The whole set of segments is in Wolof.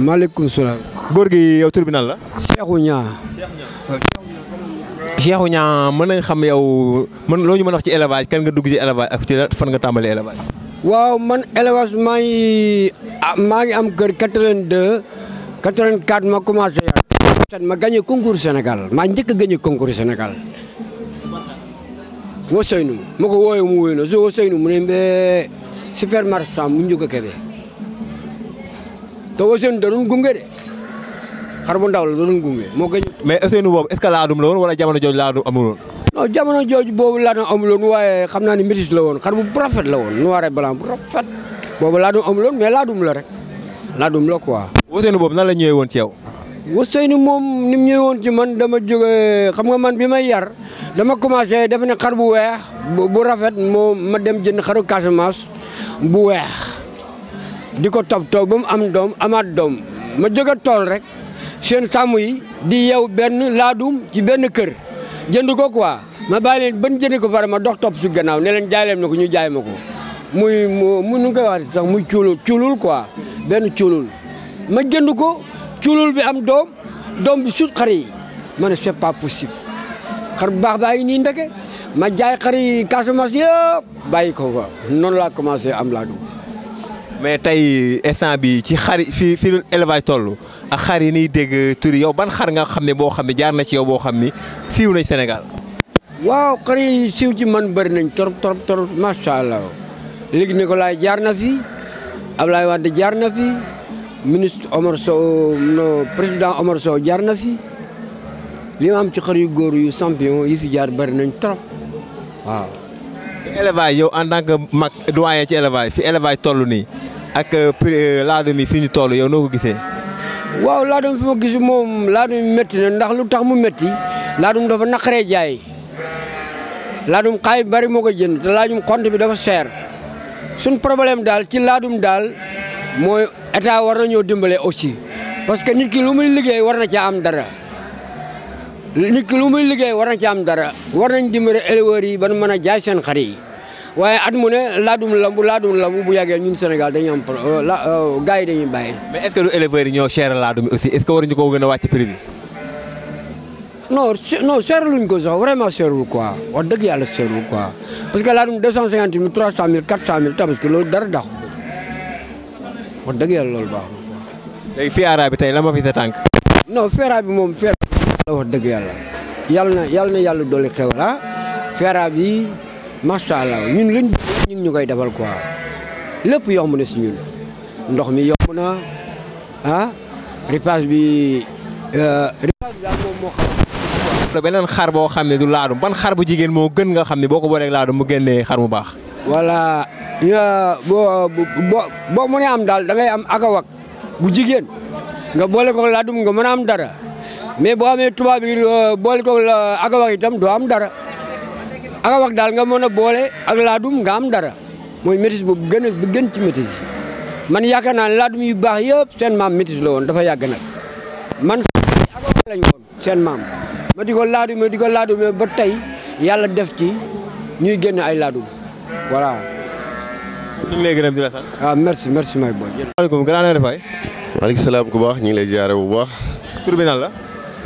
maaleykum salaam. góor gi yow tribunal la. Cheikhou Niang. Cheikhou Niang mën nañ xam yow man ñu mën a wax ci élevage kenn nga dugg ci élevage ak fan nga tàmbali élevage. waaw man élevage maa ngi ah, maa ngi am kër 82 84 ma commencé yar. ma gagné concours Sénégal maa njëkk a gagné concours Sénégal. Ousseynou ma ko wooyee mu wóy na su Ousseynou mu ne mbee supermarché mu njëkk a kebe. te Ousseynou da doon gunge de xar bu ndaw la da doon gunge moo gën. mais Ousseynou boobu est ce que laadum la woon wala jamono jooju laadum amul woon. non jamono jooju boobu laadum amuloon waaye xam naa ne métis la woon xar bu rafet la woon noir et blanc bu rafet boobu laadum amul woon mais laadum la rek laadum la quoi. Ousseynou boobu nan la ñëwee woon ci yow. Ousseynou moom ni mu ñëwee woon ci man dama jógee xam nga man bi may yar dama commencé def ne xar bu weex bu rafet moo ma dem jënd xaru Casamance bu weex. di top top bam am dom amat dom ma joge tol rek seen tamu yi di yow ben ladum ci ben kër jënd ko quoi ma balé ben ban ko pare ma dox top su gannaaw ne leen jaay nako ñu jaay mako muy mu ñu koy wax sax muy ciulul ciulul quoi ben ciulul ma ko bi am dom dom bi sut xari mané c'est pas possible xar bu baax baa ni nii ndeke ma jaay xari yi mas yo bayiko non la commencé am ladum mais tey instant bi ci xar fi fi élevage toll ak xar yi niy dégg turi yow ban xar nga xam ne boo xam ne jaar na ci yow boo xam ni siiw nañ Sénégal. waaw xar yi siiw ci man bari nañ trop trop trop macha allah léegi Nicolas jaar na fi Ablaye Wade jaar na fi ministre Omar Sow no président Omar Sow jaar na fi li ma am ci xar yu góor yu champion yi fi jaar bari nañ trop waaw. élevage yow en tant que mag doyen ci fi élevage toll nii ak euh, euh, laadum yi fi ñu toll yow noo ko gisee. waaw laadum fi ma gis moom laadum métti na ndax lu tax mu métti laadum dafa naqaree jaay laadum xaay bari moo ko jënd te laajum xont bi dafa cher suñ problème daal ci laadum daal mooy état war na ñoo dimbale aussi parce que nit ki lu muy liggéey war na caa am dara. nit ki lu muy liggéey war na ci am dara war nañ dimbale éleveurs yi ba nu mën a jaay seen xar yi waaye at mu ne laadum lambu laadum lambu bu yàggee ñun Sénégal dañuy am euh, euh, gars yi dañuy bàyyi. mais est-ce que du éleveurs yi ñoo cher laadum aussi est-ce que waruñu ko gën a wàcc prix bi. non non seerluñ ko sax quoi wax dëgg yàlla seerul quoi parce que laadum deux cent cinquante mille trois cent mille quatre cent loolu dara daxu wax dëgg yàlla loolu baaxul. léegi fiara bi tey la ma fi sa tànk. non fiara bi wax oh, deug yalla yal na yal na yàlla dolli xew la ah. feera bi macha allah ñun luñ ñu ngi ñu koy defal quoi lepp yomb na ci ñun ndox mi yomb na ha ah. ripaas bi euh, ripaas bi daal mo moo xam benen xar bo xamne du laadu ban xar bu jigen mo gën nga boko bolé laadu mu booleeg xar mu bax wala ya bo bo bo mo ni am dal da ngay am akawak bu jigen nga bolé ko laadu nga mën am dara mais boo amee tubaab yi euh, boole ko euh, ak wax itam doo am dara ak wax daal nga mën a boole ak laadum nga am dara mooy métis bu gën a bu gën ci métis man yaakaar naa laadum yu baax yëpp seen maam la woon dafa yàgg nag man ak wax lañ ma di ko laadum ma di ko laadum ba tey yàlla def ci ñuy génn ay laadum voilà. ñu ngi lay gërëm di la sant. Ah, merci merci may boy. maaleykum grand na nga def waay. maaleykum salaam ku ñu ngi lay ziare bu baax. tur bi la.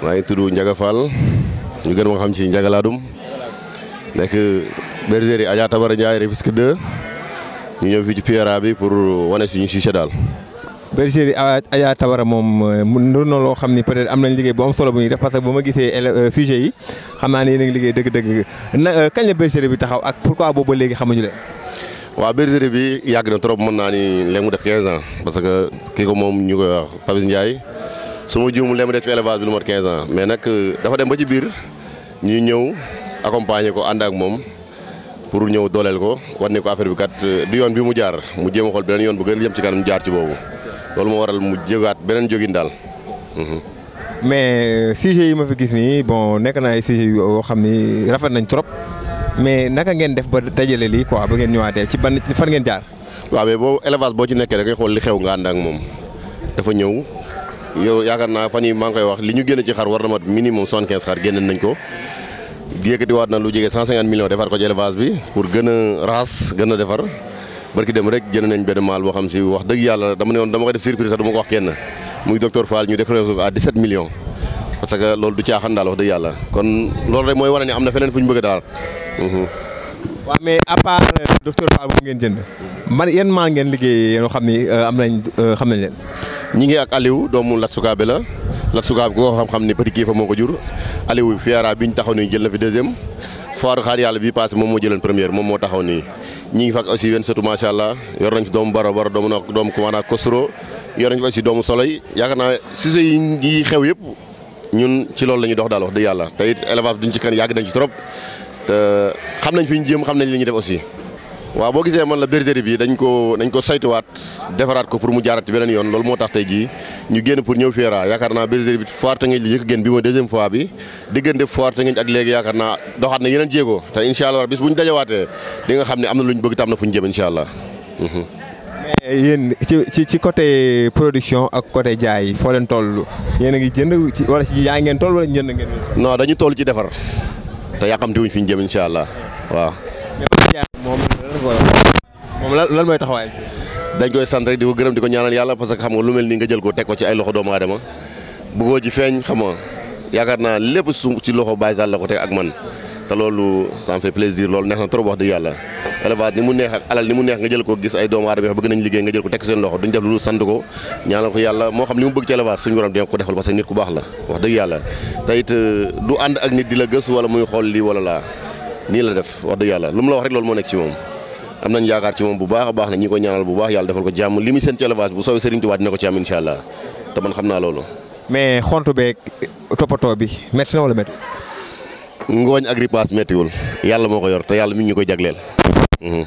maa ngi tudd Ndiaga Fall ñu gën ma xam ci Ndiaga Ladoum nekk bergerie Adja Tabara Ndiaye Rufisque 2 ñu ñëw fii ci PRA bi pour wane suñu succès daal. bergerie Adja Tabara moom mu ndur na loo xam ni peut am nañ liggéey bu am solo bu ñuy def parce que bu ma gisee euh, sujet yi xam naa ne yéen a liggéey dëgg-dëgg na euh, kañ la bergerie bi taxaw ak pourquoi boobu ba léegi xamuñu leen. waaw bergerie bi yàgg na trop mën naa ni léegi mu def 15 ans parce que kii ko moom ñu koy wax Papis Ndiaye. su ma juumul li ma def ci élevage bi lu mat 15 ans mais nag euh, dafa dem ba ci biir ñuy ñëw accompagner ko ànd ak moom pour ñëw dooleel ko war ne affaire bi kat euh, du yoon bi mu jaar mu jéem a xool beneen yoon bu gën a ci kanam jaar ci boobu loolu moo waral mu jógaat beneen jógin daal. Mhm. mais euh, sujet yi ma fi gis nii bon nekk naa ay sujet yoo xam ni rafet nañ trop mais naka ngeen def ba dajale lii quoi ba ngeen ñëwaatee ci ban fan ngeen jaar. waaw mais boo boo ci nekkee da ngay xool li xew nga ak moom dafa ñëw. yow yaakaar naa fan yii maa koy wax li ñu génne ci xar war na mat minimum 75 xar génne nañ ko yëkkatiwaat na lu jege 150 millions defar ko ci élevage bi pour gën a raas gën a defar dem rek jënd nañ benn maal boo xam si wax dëgg yàlla dama ne woon dama ko def surprise sax ko wax kenn muy docteur Fall ñu def ko à 17 millions. parce que loolu du caaxaan daal wax dëgg yàlla kon loolu rek mooy wane ni am na feneen fu ñu bëgg daal. Mhm. ñi ngi ak Aliou doomu Lat Soukabé la Lat Soukabé ko xam-xam ni petit kifa moko jur Aliou Fiara biñ taxaw ni jël na fi deuxième Foire xaar yalla bi passé mom mo jëlone premier mom mo taxaw ni ñi ngi fak aussi wenn surtout macha allah yor nañ ci doomu Baro Baro doomu na doomu Kumana Kosro yor nañ ci aussi doomu Soloy yaakaar naa sujet yi xew yëpp ñun ci loolu lañu dox dal wax de yalla tayit élevage duñ ci kan yag nañ ci trop te xam nañ fi jëm xam nañ liñu def aussi waaw boo gisee man la bergerie bi dañ ko dañ ko saytuwaat defaraat ko pour mu jaarat beneen yoon loolu moo tax tey jii ñu génn pour ñëw Fiera yaakaar naa bergerie bi foire Tëngéej li jëkk bi mooy deuxième fois bi diggante foire Tëngéej ak léegi yaakaar naa doxaat na yeneen jéego te incha allah bis bu ñu dajawaatee di nga xam ne am na lu ñu bëgg tam na fu ñu jëm incha allah. Mhm. mais ci ci côté production ak côté jaay foo leen toll yéen a ngi jënd wala si yaa ngeen toll wala ngeen. non dañu toll ci defar te yàqamti wuñ fi ñu jëm incha allah waaw lan mooy taxawaay dañ koy sant rek di ko gërëm di ko ñaanal yàlla parce que xam nga lu mel nii nga jël ko teg ko ci ay loxo doomu aadama bëggoo ji feeñ xam nga yaakaar naa lépp su ci loxo Baye Sall la man te loolu ça fait plaisir loolu yàlla élevage mu neex ak mu neex nga jël ko gis ay doomu sant ko ñaanal ko yàlla moo xam li mu bëgg ci élevage suñu borom dina ko defal parce que nit ku baax la wax dëgg yàlla te euh, du ànd ak nit di la gës wala muy xool lii wala laa nii la def wax dëgg yàlla lu mu la wax rek loolu moo nekk ci moom am nañ ci mom bu baax baax na ñi ko ñaanal bu baax yalla defal ko jamm limi sen ci élevage bu soobee Serigne Touba dina ko ci am inshallah allah te man xamna lolu mais xontu be topato bi metti na wala métti. ngooñ agripass metti wul yalla moko yor te yalla mi ñi ñu koy jagleel. Mhm.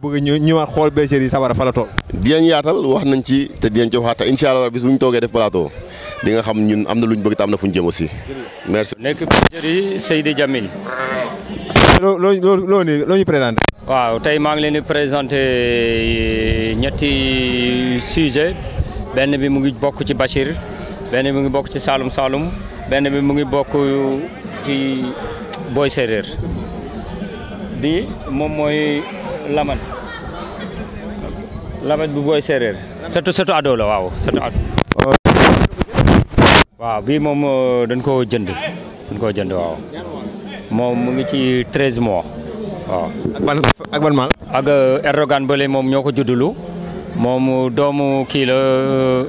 bëgg ñu ñëwaat xool bergerie yi fa la toll. dinañ yaatal wax nañ ci te dinañ ci waxaat incha allah bis bu ñu def plateau di nga xam ñun amna luñu bëgg te na jëm aussi. merci. nek bergerie Seydi Jamil loo loo loo ñu présenté. waaw tey maa ngi leen présenté eh, ñetti sujet benn bi mu ngi bokk ci Bachir benn bi mu ngi bokk ci Saalum Saalum benn bi mu ngi bokk ci booy Séeréer bi moom mooy laman laman bu booy Séeréer surtout surtout ado waaw surtout ado oh. waaw bii moom eh, dañ koo jënd dañ koo jënd waaw mom mu ngi ci 13 mois ak ban ak ban maal. ak euh, Erdogan bele mom ñoko ko juddulu moom doomu ki la euh,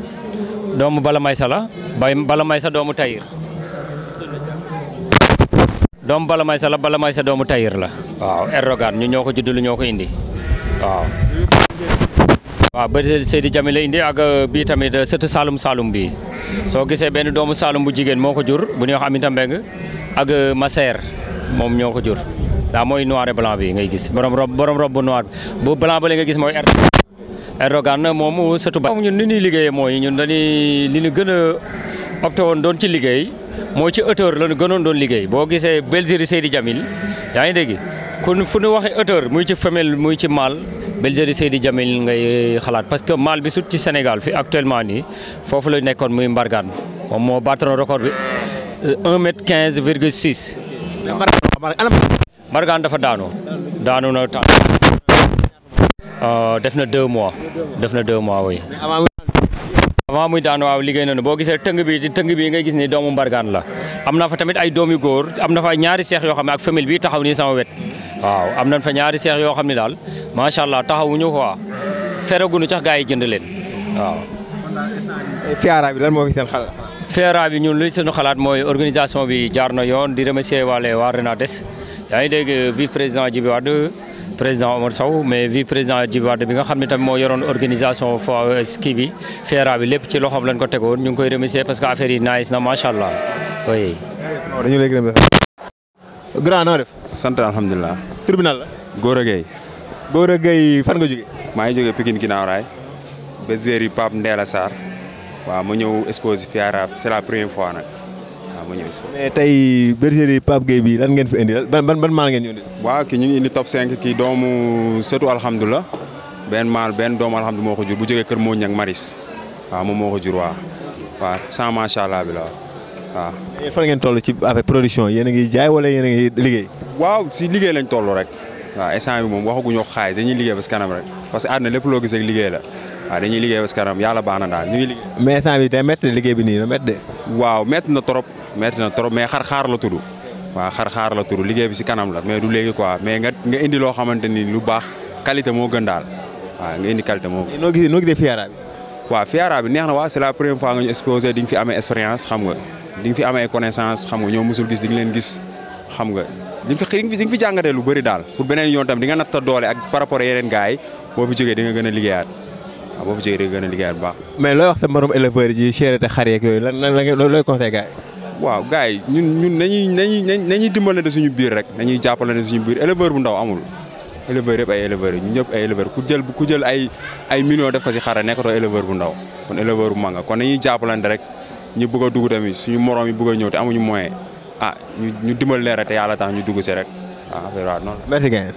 doomu Bala Maysa la bay Bala Maysa doomu Tayir doomu Bala Maysa la Bala Maysa doomu Tayir la waaw Erdogan ñu ñoko ko juddulu ñoo indi waaw. wa ba Seydi jamila indi ak euh, bi tamit seut salum salum bi so gisee ben doomu salum bu jigen moko jur bu ñu wax ak moom ñoo ko jur daa mooy noir et blanc bi ngay gis borom rob borom rob bu noir bu blanc ba la nga gis mooy Erdogan moom surtout ba ñun ni ñuy liggéeyee mooy ñun dañuy li ñu gën a opté woon doon ci liggéey mooy ci auteur la ñu gënoon doon liggéey boo gisee Belgérie Seydi Djamil yaa ngi dégg kon fu ñu waxee auteur muy ci femelle muy ci mâle Belgérie Seydi Djamil ngay xalaat parce que mâle bi sut ci Sénégal fi actuellement nii foofu la nekkoon muy Mbargaan moom bi 1 euh, mètre 15 Margan dafa daanu daanu na tànn euh, def na deux mois def na deux mois oui. avant muy daan waaw liggéey na nañu boo gisee tëng bi tëng bi ngay gis ni doomu Mbargaan la am na fa tamit ay doom yu góor am na fa ñaari seex yoo xam ne ak famille bi taxaw nii sama wet waaw am nañ fa ñaari seex yoo xam ne daal macha allah taxawuñu quoi feraguñu sax gaa yi jënd leen waaw. FERA bi ñun li suñu xalaat mooy organisation bi jaar na yoon di remercier waale waa des yaa ngi dégg vice président Djibi Wade président Omar Sow mais vice président Djibi Wade bi nga xam ne tamit moo yoroon organisation fois e kii bi FERA bi lépp ci loxoom lañ ko tegoon ñu ngi koy remercier parce que affaire yi nice na macha allah oui. dañu léegi remercier. na def. sant alhamdulilah. tribunal la. Gora Gueye. Gora Gueye fan nga jógee. maa ngi jógee Pikine ginnaaw raay. ba Zéry Pape Ndéla Sarr. waaw ma ñëw exposé fii à c'est la première fois nag waaw ma ñëw exposé. mais tey bergerie Pape Gueye bi lan ngeen fi indi ban ban ban maal ngeen ñu indi. waaw ki ñu ngi indi top 5 kii doomu sëtu alhamdulilah benn maal benn doomu alhamdulilah moo ko jur bu jógee kër Mawone ak Maris waaw moom moo ko jur waa waaw sans macha allah bi la waaw. mais fan toll ci avec yéen a ngi jaay wala yéen liggéey. waaw si liggéey lañ toll rek. waaw instant bi moom waxaguñu xaalis dañuy liggéey parce que kanam rek parce que àdduna lépp loo gisee liggéey la. waaw ah, dañuy liggéey parce que kanam yàlla baax na daal ñu ngi liggéey. mais instant bi day métti liggéey bi nii la métti de. waaw métti na trop métti na mais xar-xaar la tudd waaw xar-xaar la tudd liggéey bi si kanam la mais du léegi quoi mais nga nga indi loo xamante ni lu baax qualité moo gën daal waaw nga indi qualité moo gën. noo gisee noo gisee Fiara bi. waaw Fiara bi neex na waa c'est la première fois nga ñu exposé di fi amee expérience xam nga di nga fi amee connaissance xam nga ñoo musul gis leen gis xam nga di nga lu bëri daal pour beneen yoon tam di nga natt doole ak par rapport yeneen gars yi boo gën a waaw boobu ci gën a liggéeyaat bu baax. mais looy wax sa morom éleveur yi chéré te xar yooyu lan la looy conseil gars yi. waaw gars yi ñun ñun nañuy nañuy nañuy suñu biir rek nañuy jàppalante suñu biir éleveur bu ndaw amul. éleveur yëpp ay éleveur yi ñëpp ay éleveur ku jël ku jël ay ay millions def ko si xara nekkatoo éleveur bu ndaw kon éleveur bu mag nga kon nañuy jàppalante rek ñu bëgg a dugg tamit suñu morom yi bëgg a ñëw te amuñu moyen ah ñu ñu dimbal leen te yàlla tax ñu dugg si rek ah, waaw affaire